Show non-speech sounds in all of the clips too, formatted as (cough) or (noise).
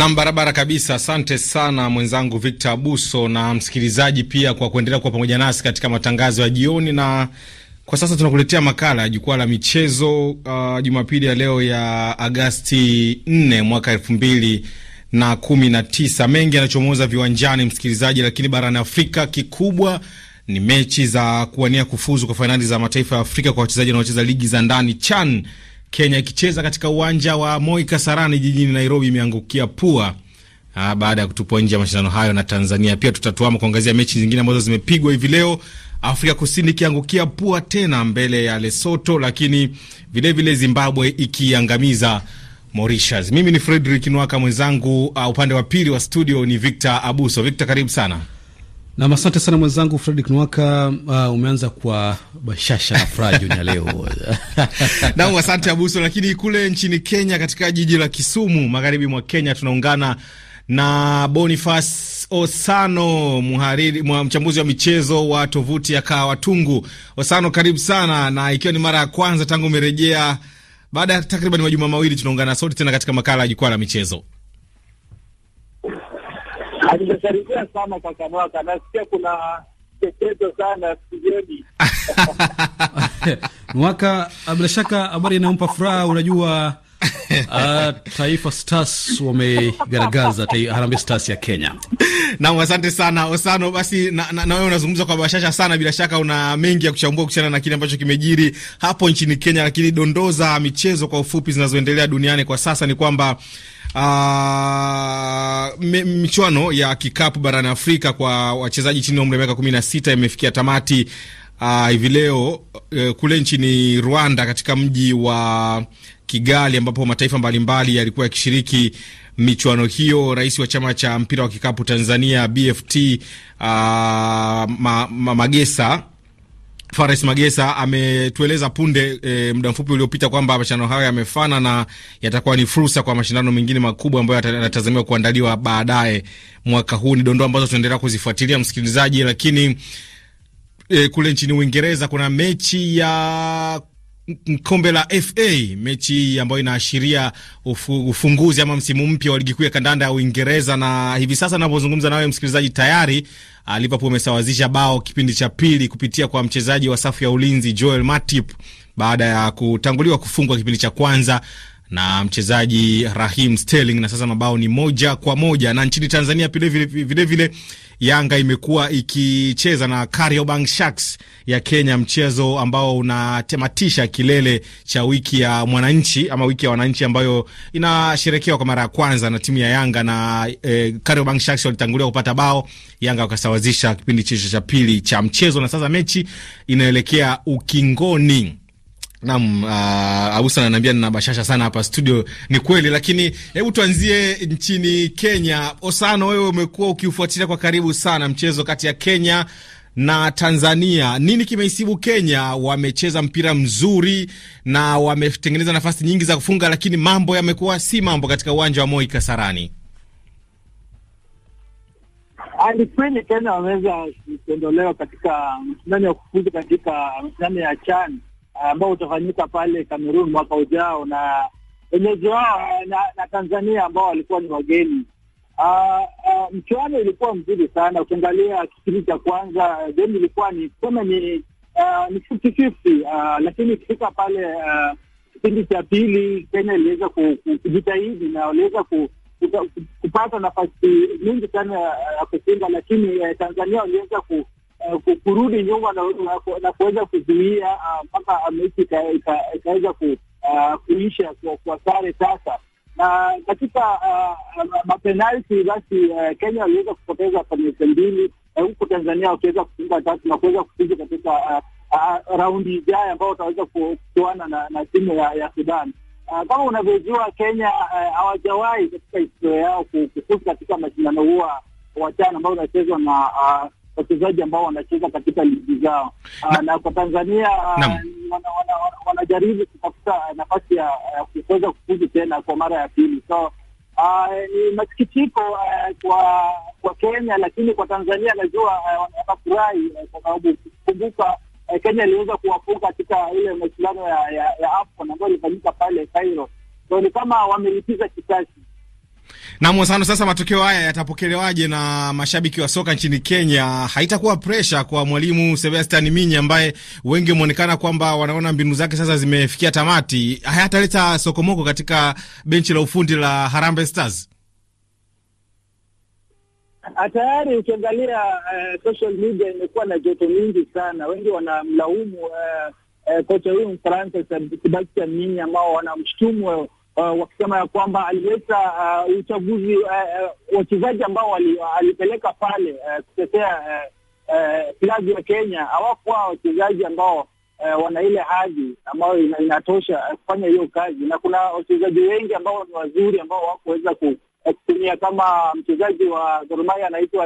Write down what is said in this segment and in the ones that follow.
Nam, barabara kabisa. Asante sana mwenzangu Victor Abuso na msikilizaji pia kwa kuendelea kuwa pamoja nasi katika matangazo ya jioni, na kwa sasa tunakuletea makala ya jukwaa la michezo uh, Jumapili ya leo ya Agasti 4 mwaka elfu mbili na kumi na tisa. Mengi yanachomoza viwanjani msikilizaji, lakini barani Afrika kikubwa ni mechi za kuwania kufuzu kwa fainali za mataifa ya Afrika kwa wachezaji wanaocheza ligi za ndani CHAN Kenya ikicheza katika uwanja wa Moi Kasarani jijini Nairobi imeangukia pua Aa, ah, baada ya kutupwa nje ya mashindano hayo na Tanzania. Pia tutatuama kuangazia mechi zingine ambazo zimepigwa hivi leo, Afrika Kusini ikiangukia pua tena mbele ya lesoto lakini vilevile Zimbabwe ikiangamiza Mauritius. Mimi ni Fredrick Nwaka, mwenzangu uh, upande wa pili wa studio ni Victor Abuso. Victor, karibu sana. Nam, asante sana mwenzangu Fredrick Nwaka. Uh, umeanza kwa bashasha na furaha jioni ya leo. (laughs) Nam, asante Abuso. Lakini kule nchini Kenya, katika jiji la Kisumu, magharibi mwa Kenya, tunaungana na Boniface Osano, mhariri mchambuzi wa michezo wa tovuti ya Kawatungu. Osano, karibu sana, na ikiwa ni mara ya kwanza tangu umerejea baada ya takriban majuma mawili, tunaungana sote tena katika makala ya jukwaa la michezo. Alimesharibia sana kaka mwaka, nasikia kuna checheto sana studioni (laughs) mwaka. Ah, bila shaka habari inayompa furaha, unajua uh, (laughs) Taifa Stars wamegaragaza Harambee Stars ya Kenya. Naam, asante sana Osano. Basi na, na, na wewe unazungumza kwa bashasha sana, bila shaka una mengi ya kuchambua kuhusiana na kile ambacho kimejiri hapo nchini Kenya, lakini dondoo za michezo kwa ufupi zinazoendelea duniani kwa sasa ni kwamba Ah, michuano ya kikapu barani Afrika kwa wachezaji chini ya umri wa miaka sita imefikia tamati ah, hivi uh, leo uh, kule nchini Rwanda katika mji wa Kigali ambapo mataifa mbalimbali yalikuwa yakishiriki michuano hiyo. Rais wa chama cha mpira wa kikapu Tanzania BFT uh, ah, ma, ma, Magesa Fares Magesa ametueleza punde e, muda mfupi uliopita kwamba mashindano hayo yamefana na yatakuwa ni fursa kwa mashindano mengine makubwa ambayo yanatazamiwa kuandaliwa baadaye mwaka huu. Ni dondoo ambazo tunaendelea kuzifuatilia msikilizaji, lakini e, kule nchini Uingereza kuna mechi ya kombe la FA, mechi ambayo inaashiria ufu, ufunguzi ama msimu mpya wa ligi kuu ya kandanda ya Uingereza. Na hivi sasa ninavyozungumza nawe msikilizaji, tayari Uh, Liverpool amesawazisha bao kipindi cha pili kupitia kwa mchezaji wa safu ya ulinzi Joel Matip baada ya kutanguliwa kufungwa kipindi cha kwanza na mchezaji Rahim Sterling, na sasa mabao ni moja kwa moja. Na nchini Tanzania vilevile vile, vile, Yanga imekuwa ikicheza na Kariobangi Sharks ya Kenya, mchezo ambao unatematisha kilele cha wiki ya mwananchi ama wiki ya wananchi ambayo inasherekewa kwa mara ya kwanza na timu ya Yanga na eh, Kariobangi Sharks walitangulia kupata bao, Yanga wakasawazisha kipindi chicho cha pili cha mchezo, na sasa mechi inaelekea ukingoni nam uh, ah, Abusa ananiambia nina bashasha sana hapa studio. Ni kweli, lakini hebu tuanzie nchini Kenya. Osano, wewe umekuwa ukiufuatilia kwa karibu sana mchezo kati ya Kenya na Tanzania. Nini kimeisibu Kenya? Wamecheza mpira mzuri na wametengeneza nafasi nyingi za kufunga, lakini mambo yamekuwa si mambo katika uwanja wa Moi Kasarani. Ah, ni kweli Kenya wameweza kuondolewa katika mashindano ya kufuzu katika mashindano ya CHAN ambao utafanyika pale Kamerun mwaka ujao, na wenyeji wao na, na Tanzania ambao walikuwa ni wageni. Uh, uh, mchuano ilikuwa mzuri sana. Ukiangalia kipindi cha kwanza game ilikuwa ni kusema ni uh, ni fifty fifty uh, lakini ikifika pale uh, kipindi cha pili Kenya iliweza kujitahidi na waliweza kupata nafasi nyingi sana ya uh, lakini uh, Tanzania waliweza ku uh, kurudi nyuma na, na, na kuweza kuzuia ah, mpaka uh, mechi ikaweza ku, uh, kuisha kwa, kwa sare sasa na katika uh, ah, mapenalti basi uh, Kenya waliweza kupoteza penalti mbili huku Tanzania wakiweza kufunga tatu na kuweza kufuzu katika uh, uh, raundi ijayo ambao wataweza kuchuana na, na timu ya, ya Sudan. Uh, kama unavyojua Kenya eh, hawajawahi uh, katika historia yao kufuzu katika mashindano huwa wachana ambao unachezwa na uh, wachezaji ambao wanacheza katika ligi zao ah, na, na kwa Tanzania wanajaribu ah, wana, wana, wana kutafuta eh, nafasi ya uh, kuweza kufuzu tena kwa mara ya pili so ah, ni masikitiko eh, kwa kwa Kenya, lakini kwa Tanzania najua eh, wanafurahi kwa sababu kumbuka Kenya iliweza kuwafunga katika ile mashindano ya, ya, ya AFCON ambayo ilifanyika pale Cairo, so ni kama wamelipiza kisasi na Mwasano, sasa matokeo haya yatapokelewaje na mashabiki wa soka nchini Kenya? Haitakuwa presha kwa mwalimu Sebastian Minyi ambaye wengi wameonekana kwamba wanaona mbinu zake sasa zimefikia tamati? Hayataleta sokomoko katika benchi la ufundi la Harambee Stars? Ah, tayari ukiangalia uh, social media imekuwa na joto mingi sana, wengi wanamlaumu uh, uh, kocha huyu Mfaransa Sebastian Minyi ambao wanamshtumu Uh, wakisema ya kwamba aliweza uh, uchaguzi uh, uh wachezaji ambao uh, alipeleka pale uh, kutetea klabu uh, uh, ya Kenya hawakuwa wachezaji ambao uh, wana ile hadhi ambayo ina, inatosha kufanya hiyo kazi, na kuna wachezaji wengi ambao ni wazuri ambao hawakuweza kutumia kama mchezaji wa Gor Mahia anaitwa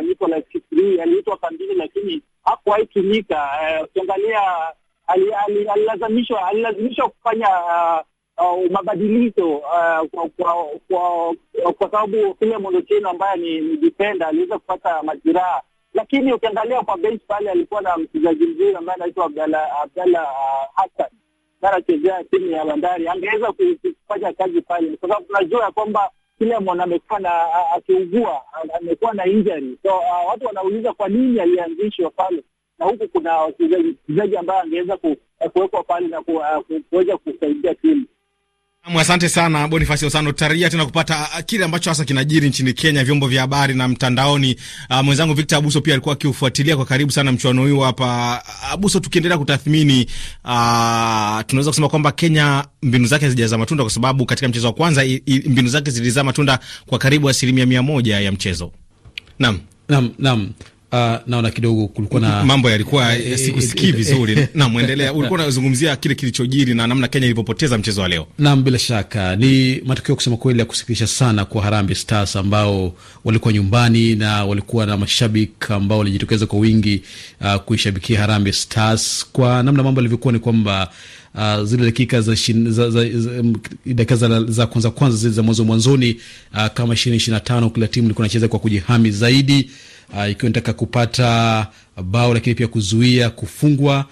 aliitwa kambini, lakini hakuwahi tumika. Ukiangalia uh, alilazimishwa alilazimishwa kufanya uh, uh, mabadiliko uh, kwa, kwa, kwa, kwa sababu kile Otieno ambaye ni, ni defender aliweza kupata majeraha, lakini ukiangalia kwa bench pale alikuwa na mchezaji mzuri ambaye anaitwa Abdalla hasan uh, Hassan anachezea timu ya Bandari, angeweza kufanya kazi pale, kwa sababu tunajua ya kwamba Filemon amekuwa na akiugua, amekuwa na injury. So uh, watu wanauliza kwa nini alianzishwa pale na huku kuna wachezaji ambaye angeweza kuwekwa pale na uh, kuweza kusaidia timu. Asante sana Bonifasi Osano, tutarejea tena kupata ah, kile ambacho hasa kinajiri nchini Kenya, vyombo vya habari na mtandaoni. Uh, mwenzangu Victor Abuso pia alikuwa akiufuatilia kwa karibu sana mchuano huo hapa. Abuso, tukiendelea kutathmini, uh, tunaweza kusema kwamba Kenya mbinu zake hazijazaa matunda, kwa sababu katika mchezo wa kwanza i, i, mbinu zake zilizaa matunda kwa karibu asilimia mia moja ya mchezo. Naam, naam, naam. Uh, naona kidogo kulikuwa na mambo yalikuwa e, sikusikii eh, vizuri e, e, na muendelea. Ulikuwa unazungumzia kile kilichojiri na namna Kenya ilipopoteza mchezo wa leo. Naam, bila shaka ni matokeo kusema kweli ya kusikitisha sana kwa Harambee Stars ambao walikuwa nyumbani na walikuwa na mashabiki ambao walijitokeza kwa wingi uh, kuishabikia Harambee Stars. Kwa namna mambo yalivyokuwa ni kwamba Uh, zile dakika za, za, za, mm, dakika za, za kwanza kwanza zile za mwanzo mwanzoni, uh, kama 20 25 kila timu ilikuwa inacheza kwa kujihami zaidi uh, ikiwa nataka kupata bao lakini pia kuzuia kufungwa,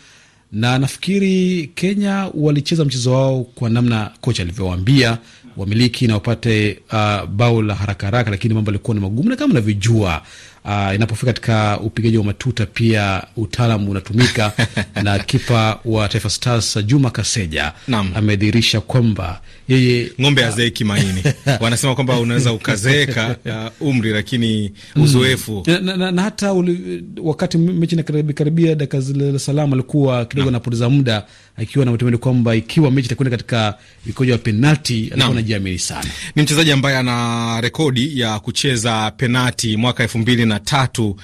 na nafikiri Kenya walicheza mchezo wao kwa namna kocha alivyowaambia wamiliki na wapate uh, bao la haraka haraka, lakini mambo yalikuwa ni magumu, na kama unavyojua uh, inapofika katika upigaji wa matuta pia utaalamu unatumika (laughs) na kipa wa Taifa Stars Juma Kaseja amedhihirisha kwamba yeye ng'ombe ah. hazeeki maini. (laughs) Wanasema kwamba unaweza ukazeeka uh, umri lakini mm. uzoefu mm. na, na, na hata uli, wakati mechi na karibia, karibia dakika zile za salama alikuwa kidogo anapoteza muda akiwa na matumaini kwamba ikiwa mechi itakwenda katika mikojo ya penalti alikuwa anajiamini sana. Ni mchezaji ambaye ana rekodi ya kucheza penalti mwaka elfu mbili 23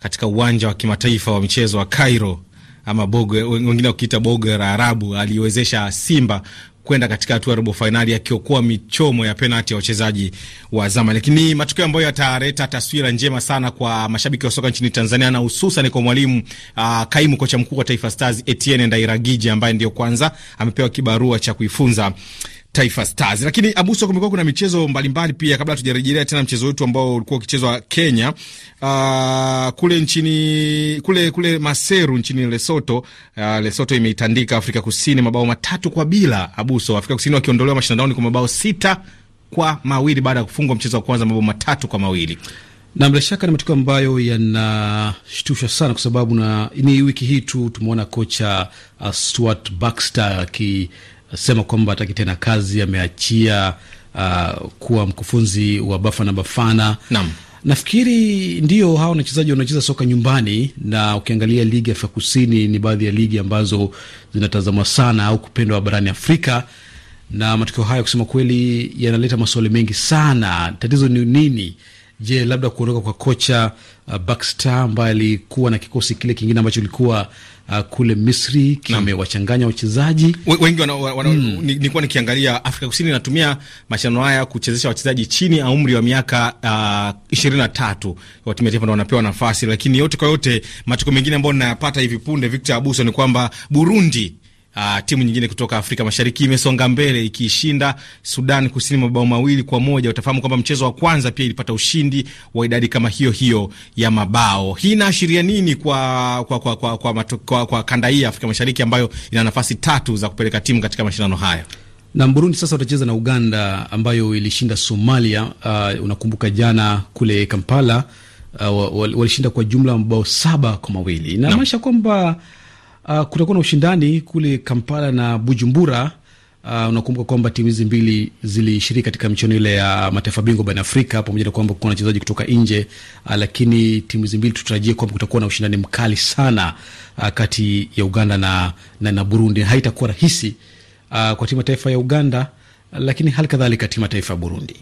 katika uwanja wa kimataifa wa michezo wa Cairo ama Bogo, wengine wakiita Bogo la Arabu, aliwezesha Simba kwenda katika hatua ya robo fainali akiokoa michomo ya penalti ya wachezaji wa zama. Lakini matokeo ambayo yataleta taswira njema sana kwa mashabiki wa soka nchini Tanzania na hususan kwa mwalimu uh, kaimu kocha mkuu wa Taifa Stars Etienne Ndairagiji ambaye ndio kwanza amepewa kibarua cha kuifunza Taifa Stars. Lakini Abuso, kumekuwa kuna michezo mbalimbali pia, kabla tujarejelea tena mchezo wetu ambao ulikuwa ukichezwa Kenya, uh, kule nchini kule kule Maseru nchini Lesotho. Uh, Lesotho imeitandika Afrika Kusini mabao matatu kwa bila. Abuso, Afrika Kusini wakiondolewa mashindanoni kwa mabao sita kwa mawili baada ya kufungwa mchezo wa kwanza mabao matatu kwa mawili na bila shaka ni matukio ambayo yanashtusha sana, kwa sababu na ni wiki hii tu tumeona kocha uh, Stuart Baxter aki sema kwamba hataki tena kazi, ameachia uh, kuwa mkufunzi wa Bafana Bafana. Naam. Nafikiri ndio hawa wanachezaji wanacheza soka nyumbani, na ukiangalia ligi ya Afrika Kusini ni baadhi ya ligi ambazo zinatazamwa sana au kupendwa barani Afrika, na matokeo haya kusema kweli yanaleta maswali mengi sana. Tatizo ni nini? Je, labda kuondoka kwa kocha uh, Baxter ambaye alikuwa na kikosi kile kingine ambacho ilikuwa uh, kule Misri kimewachanganya wachezaji wengi wana, wana, mm. Nilikuwa nikiangalia Afrika Kusini inatumia mashindano haya kuchezesha wachezaji chini ya umri wa miaka uh, ishirini na tatu wa timu ya taifa wanapewa nafasi, lakini yote kwa yote, matukio mengine ambayo ninayapata hivi punde, Victor Abuso, ni kwamba Burundi Uh, timu nyingine kutoka Afrika Mashariki imesonga mbele ikiishinda Sudan Kusini mabao mawili kwa moja. Utafahamu kwamba mchezo wa kwanza pia ilipata ushindi wa idadi kama hiyo hiyo ya mabao. Hii inaashiria nini kwa kwa kwa kwa, kwa, kwa, kwa kanda hii ya Afrika Mashariki ambayo ina nafasi tatu za kupeleka timu katika mashindano haya? Na Burundi sasa watacheza na Uganda ambayo ilishinda Somalia. Uh, unakumbuka jana kule Kampala uh, walishinda kwa jumla mabao saba kwa mawili inamaanisha no. kwamba Uh, kutakuwa na ushindani kule Kampala na Bujumbura. Uh, unakumbuka kwamba timu hizi mbili zilishiriki katika michuano ile ya mataifa bingwa barani Afrika, pamoja na kwamba kuna wachezaji kutoka nje uh, lakini timu hizi mbili tutarajie kwamba kutakuwa na ushindani mkali sana uh, kati ya Uganda na, na, na Burundi. Haitakuwa rahisi uh, kwa timu ya taifa ya Uganda lakini hali kadhalika timu ya taifa ya Burundi.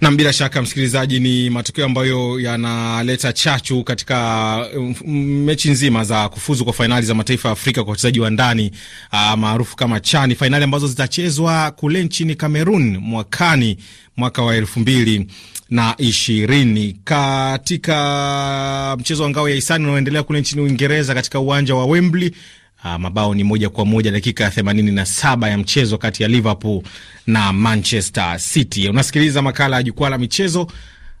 Nam, bila shaka msikilizaji, ni matokeo ambayo yanaleta chachu katika mm, mechi nzima za kufuzu kwa fainali za mataifa ya Afrika kwa wachezaji wa ndani ah, maarufu kama CHAN, fainali ambazo zitachezwa kule nchini Kamerun mwakani, mwaka wa elfu mbili na ishirini. Katika mchezo wa ngao ya hisani unaoendelea kule nchini Uingereza katika uwanja wa Wembley Uh, mabao ni moja kwa moja dakika ya na saba ya mchezo kati ya Liverpool na Manchester City. Unasikiliza makala ya jukwaa la michezo.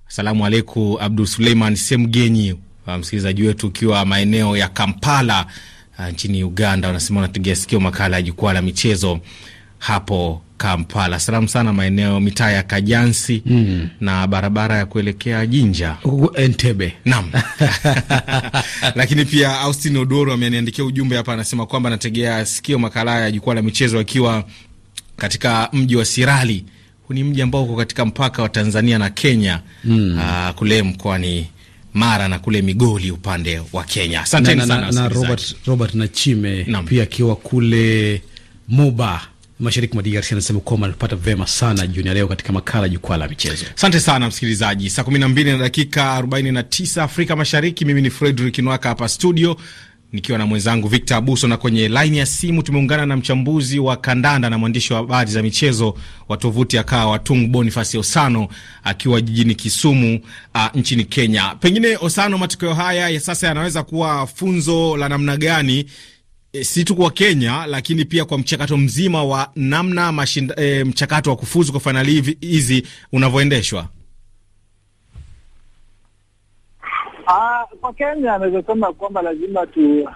Asalamu aleikum Abdul Suleiman Semgenyi, uh, msikilizaji wetu ukiwa maeneo ya Kampala uh, nchini Uganda, unasema unatigia sikio makala ya jukwaa la michezo hapo Kampala. Salamu sana maeneo mitaa ya Kajansi mm. na barabara ya kuelekea Jinja Entebbe, naam (laughs) lakini pia Austin Odoro ameniandikia ujumbe hapa, anasema kwamba anategea sikio makala ya jukwaa la michezo akiwa katika mji wa Sirali. Huu ni mji ambao uko katika mpaka wa Tanzania na Kenya mm. uh, kule mkoani Mara na kule Migoli upande wa Kenya. Asante sana na, na, na Robert, Robert Nachime na pia akiwa kule Moba mashariki mwa DRC anasema kwamba anapata vema sana jioni ya leo katika makala jukwaa la michezo. Asante sana msikilizaji, saa 12 na dakika 49 Afrika Mashariki. Mimi ni Fredrick Nwaka hapa studio nikiwa na mwenzangu Victor Abuso, na kwenye laini ya simu tumeungana na mchambuzi wa kandanda na mwandishi wa habari za michezo wa tovuti akaa Watung Bonifasi Osano akiwa jijini Kisumu a, nchini Kenya. Pengine Osano, matokeo haya ya sasa yanaweza kuwa funzo la namna gani Eh, si tu kwa Kenya lakini pia kwa mchakato mzima wa namna mashinda, e, mchakato wa kufuzu kwa fainali hizi unavyoendeshwa? Ah, kwa Kenya anaweza sema kwamba lazima tu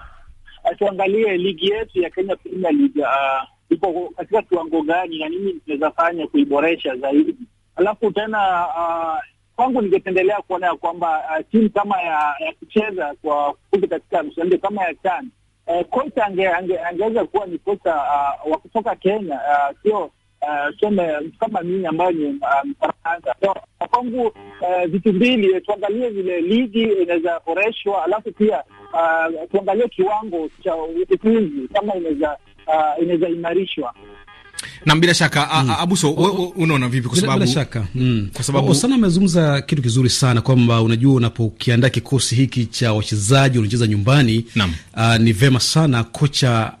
ah, tuangalie ligi yetu ya Kenya Premier League ah, iko katika kiwango gani na nini tunaweza fanya kuiboresha zaidi. Alafu tena ah, kwangu ningependelea kuona ya kwamba ah, timu kama ya, ya kucheza kwa kufuzu katika msende kama ya CHAN eh, kocha angeweza ange, ange kuwa ni kocha uh, wa kutoka Kenya, ah, sio ah, tuseme uh, kama mimi ambayo ni Mfaransa. Um, so kwangu uh, vitu mbili, eh, tuangalie vile ligi inaweza boreshwa, alafu pia uh, tuangalie kiwango cha upinzi kama inaweza uh, inaweza imarishwa. Na bila shaka mm. Abuso, unaona vipi? Kwa sababu bila shaka mm. mm. kwa sababu sana amezungumza kitu kizuri sana kwamba unajua, unapokiandaa kikosi hiki cha wachezaji unacheza nyumbani uh, ni vema sana kocha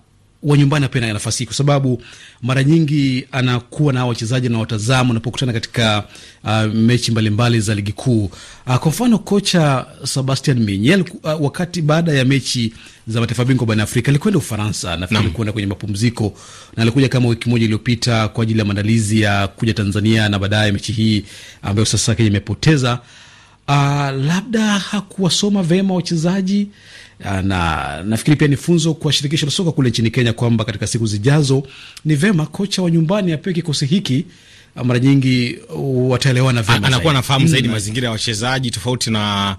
wa nyumbani apenda ya nafasi hii, kwa sababu mara nyingi anakuwa na wachezaji na watazamu wanapokutana katika uh, mechi mbalimbali za ligi kuu uh, kwa mfano kocha Sebastian Minyel uh, wakati baada ya mechi za mataifa bingwa barani Afrika alikwenda Ufaransa, nafikiri kuenda kwenye mapumziko na alikuja kama wiki moja iliyopita kwa ajili ya maandalizi ya kuja Tanzania na baadaye mechi hii ambayo sasa Kenya imepoteza uh, labda hakuwasoma vema wachezaji uh, na nafikiri pia ni funzo kwa shirikisho la soka kule nchini Kenya kwamba katika siku zijazo ni vema kocha wa nyumbani apewe kikosi hiki ah, mara nyingi uh, wataelewana vema, anakuwa anafahamu zaidi mm, mazingira ya wachezaji tofauti na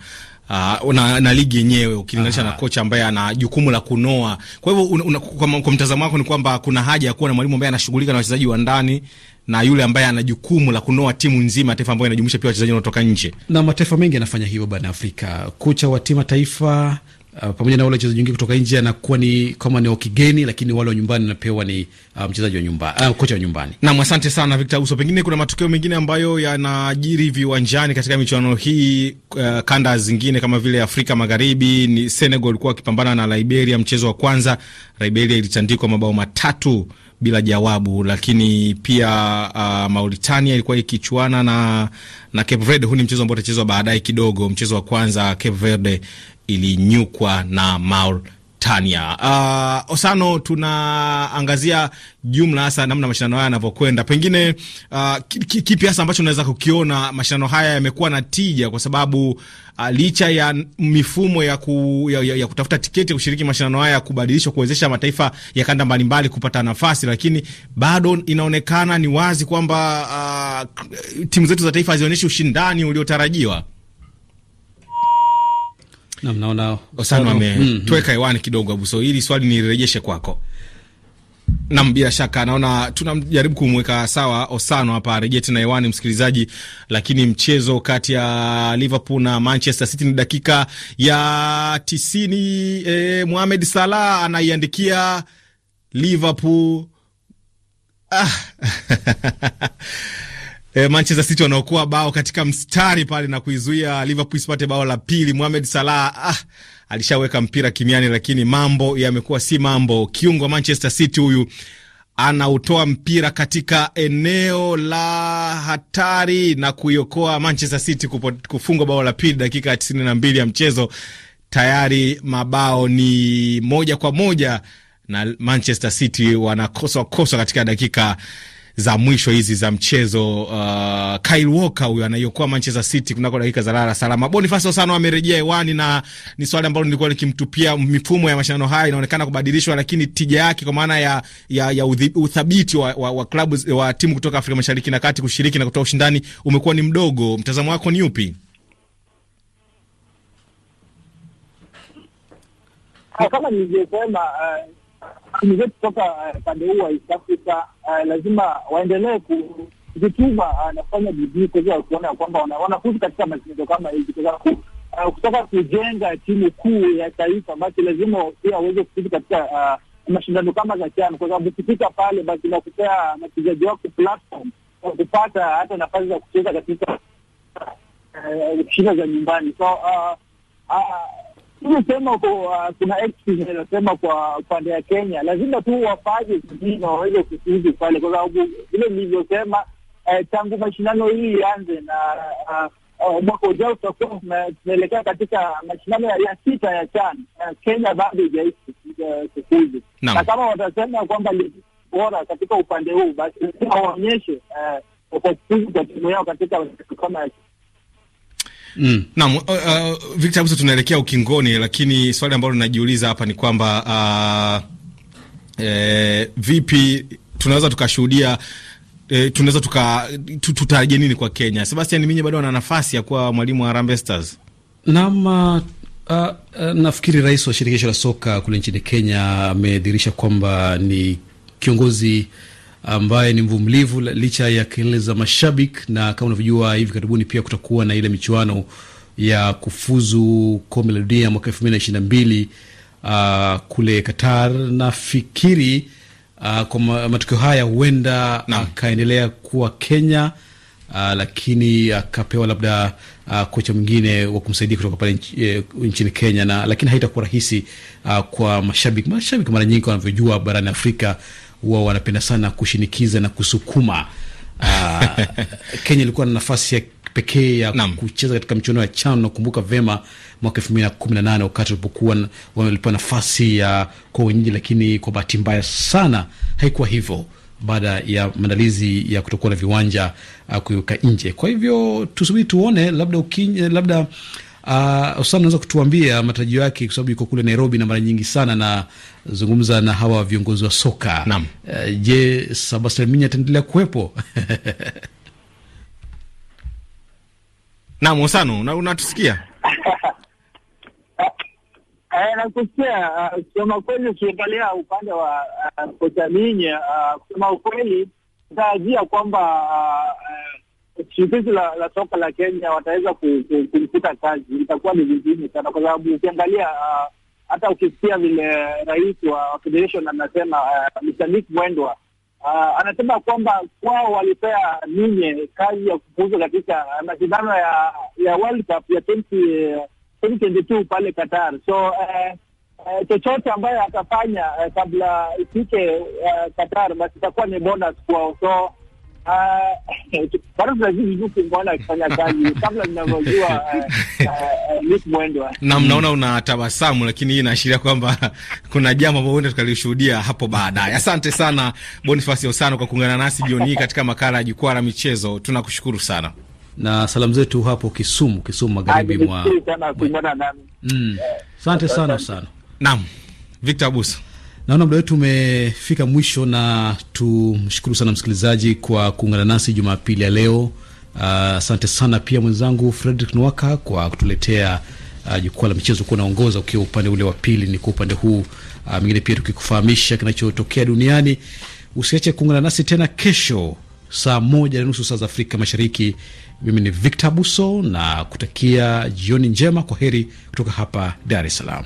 Uh, na, na ligi yenyewe ukilinganisha na kocha ambaye ana jukumu la kunoa. Kwa hivyo kwa mtazamo wako ni kwamba kuna haja ya kuwa na mwalimu ambaye anashughulika na wachezaji wa ndani na yule ambaye ana jukumu la kunoa timu nzima taifa ambayo inajumuisha pia wachezaji wanaotoka nje, na mataifa mengi yanafanya hivyo barani Afrika. Kocha wa timu taifa uh, pamoja na wale wachezaji wengine kutoka nje anakuwa ni kama ni wakigeni, lakini wale wa nyumbani anapewa ni uh, mchezaji wa nyumbani, uh, kocha wa nyumbani. Naam, asante sana Victor Uso. Pengine kuna matukio mengine ambayo yanajiri viwanjani katika michuano hii, uh, kanda zingine kama vile Afrika Magharibi, ni Senegal ilikuwa wakipambana na Liberia mchezo wa kwanza, Liberia ilitandikwa mabao matatu bila jawabu, lakini pia uh, Mauritania ilikuwa ikichuana na, na Cape Verde. Huu ni mchezo ambao utachezwa baadaye kidogo. Mchezo wa kwanza Cape Verde ilinyukwa na Mauritania Tania. Uh, Osano, tunaangazia jumla hasa namna mashindano haya yanavyokwenda, pengine uh, kipi hasa ambacho unaweza kukiona mashindano haya yamekuwa na tija, kwa sababu uh, licha ya mifumo ya, ku, ya, ya, ya kutafuta tiketi ya kushiriki mashindano haya kubadilishwa kuwezesha mataifa ya kanda mbalimbali kupata nafasi, lakini bado inaonekana ni wazi kwamba uh, timu zetu za taifa hazionyeshi ushindani uliotarajiwa. Naona Osano ametuweka mm, mm. hewani kidogo, Abuso, hili swali nirejeshe kwako. Nam, bila shaka naona tunajaribu kumweka sawa Osano hapa, arejee tena hewani msikilizaji. Lakini mchezo kati ya Liverpool na Manchester City ni dakika ya tisini. Eh, Mohamed Salah anaiandikia Liverpool ah. (laughs) eh, Manchester City wanaokoa bao katika mstari pale na kuizuia Liverpool isipate bao la pili. Mohamed Salah ah, alishaweka mpira kimiani, lakini mambo yamekuwa si mambo. Kiungo wa Manchester City huyu anautoa mpira katika eneo la hatari na kuiokoa Manchester City kufunga bao la pili dakika ya tisini na mbili ya mchezo. Tayari mabao ni moja kwa moja na Manchester City wanakoswa koswa katika dakika za mwisho hizi za mchezo uh, Kyle Walker huyo anaiokoa Manchester City kunako dakika za lala salama. Boniface Osano amerejea hewani, na ni swali ambalo nilikuwa nikimtupia. Mifumo ya mashindano haya inaonekana kubadilishwa, lakini tija yake kwa maana ya, ya, ya uthabiti wa, wa, wa klabu wa timu kutoka Afrika Mashariki na Kati kushiriki na kutoa ushindani umekuwa ni mdogo. Mtazamo wako ni upi? Ah, kama nilivyosema uh timu zetu kutoka upande eh, huu wa East Africa eh, lazima waendelee kujituma eh, na kufanya bidii kuweza kuona kwamba wanafuzu katika mashindano kama hizi, kwa sababu kutoka kujenga timu kuu ya taifa, basi lazima pia waweze kufuzu katika mashindano kama za CHAN, kwa sababu ukifika pale, basi nakupea wachezaji wako platform kupata hata nafasi za kucheza katika shida za nyumbani so ah, ah, sema kuna inasema kwa upande ya Kenya lazima tu wafanye sijui na waweze kufuzu pale, kwa sababu vile nilivyosema eh, tangu mashindano hii ianze na ah, ah, mwaka ujao utakuwa tunaelekea katika mashindano ya sita ya CHAN. Eh, Kenya bado haijawahi eh, kufuzu, na kama watasema kwamba bora katika upande huu, basi waonyeshe kwa kufuzu kwa timu yao katika kama Mm. Naam, uh, uh, Victor Abuso, tunaelekea ukingoni, lakini swali ambalo linajiuliza hapa ni kwamba uh, e, vipi tunaweza tukashuhudia E, tunaweza tuka tutarajia nini kwa Kenya? Sebastian Minye bado ana nafasi ya kuwa mwalimu wa Harambee Stars. Naam, uh, uh, nafikiri rais wa shirikisho la soka kule nchini Kenya amedhihirisha kwamba ni kiongozi ambaye ni mvumilivu licha ya kelele za mashabiki, na kama unavyojua hivi karibuni pia kutakuwa na ile michuano ya kufuzu kombe la dunia mwaka elfu mbili na ishirini na mbili uh, kule Qatar. Nafikiri uh, kwa matukio haya huenda akaendelea kuwa Kenya uh, lakini akapewa uh, labda uh, kocha mwingine wa kumsaidia kutoka pale eh, nchini Kenya na, lakini haitakuwa rahisi uh, kwa mashabiki. Mashabiki mara nyingi wanavyojua barani Afrika huwa wanapenda sana kushinikiza na kusukuma. Uh, (laughs) Kenya ilikuwa na nafasi ya pekee ya kucheza katika mchuano ya CHAN. Nakumbuka vema mwaka elfu mbili na kumi na nane wakati walipokuwa walipewa nafasi ya kwa wenyeji, lakini kwa bahati mbaya sana haikuwa hivyo baada ya maandalizi ya kutokuwa na viwanja uh, kuiweka nje. Kwa hivyo tusubiri tuone, labda ukinye, labda Ah, Osama, naweza kutuambia matarajio yake, kwa sababu yuko kule Nairobi na mara nyingi sana na zungumza na hawa viongozi wa soka. Naam. Uh, je, Sebastian ataendelea kuwepo? Naam, Osano, unatusikia? (laughs) Eh, Nakusikia. Ah, kusema kweli, ukiangalia upande wa ah, kocha Minya, kusema ukweli, tarajia kwamba eh, shirikisho la, la soka la Kenya wataweza kumfuta kazi, itakuwa ni vingine sana, kwa sababu ukiangalia ah, hata ukisikia vile rais wa federation anasema ah, Mr. Nick Mwendwa Uh, anasema kwamba kwao walipea ninye kazi ya kufuzu katika mashindano ya ya World Cup ya 2022 pale Qatar. So uh, uh, chochote ambayo atafanya uh, kabla ifike uh, Qatar basi itakuwa ni bonus kwao. So Euh, (laughs) bado (laughs) uh, uh, una tabasamu, lakini hii inaashiria kwamba (laughs) kuna jambo ambalo huenda tukalishuhudia hapo baadaye. Asante sana Boniface Osano kwa kuungana nasi jioni hii katika makala ya jukwaa la michezo. Tunakushukuru sana na salamu zetu hapo Kisumu, Kisumu magharibi mwa. Mm. Asante eh, sana sana. Naam, Victor Abuso. Naona muda wetu umefika mwisho, na tumshukuru sana msikilizaji kwa kuungana nasi Jumapili ya leo. Ah, asante uh, sana pia mwenzangu Fredrick Nwaka kwa kutuletea uh, jukwaa la michezo, kuwa naongoza ukiwa upande ule wa pili, ni kwa upande huu uh, ah, mingine pia tukikufahamisha kinachotokea duniani. Usiache kuungana nasi tena kesho saa moja na nusu saa za Afrika Mashariki. Mimi ni Victor Buso na kutakia jioni njema. Kwa heri kutoka hapa Dar es Salaam.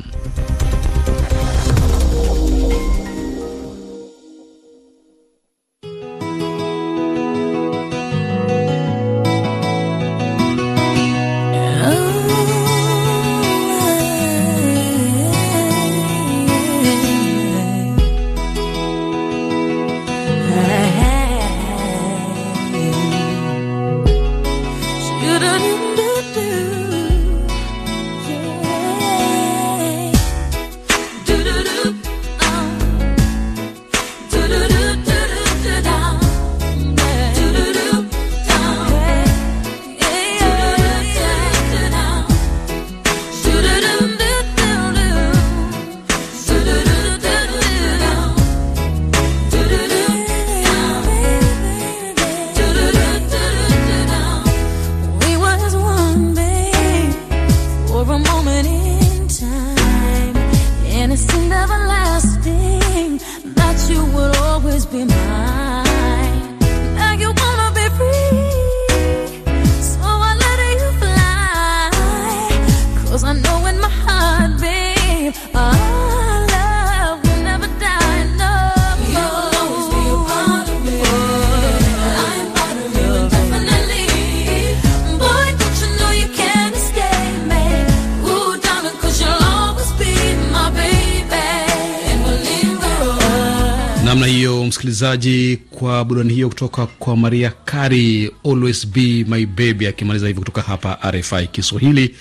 namna hiyo, msikilizaji, kwa burudani hiyo kutoka kwa Maria Kari, always be my baby, akimaliza hivyo kutoka hapa RFI Kiswahili.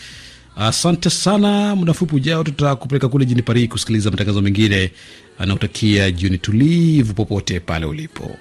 Asante sana. Muda mfupi ujao tutakupeleka kule jini Paris kusikiliza matangazo mengine. Anautakia jioni tulivu popote pale ulipo.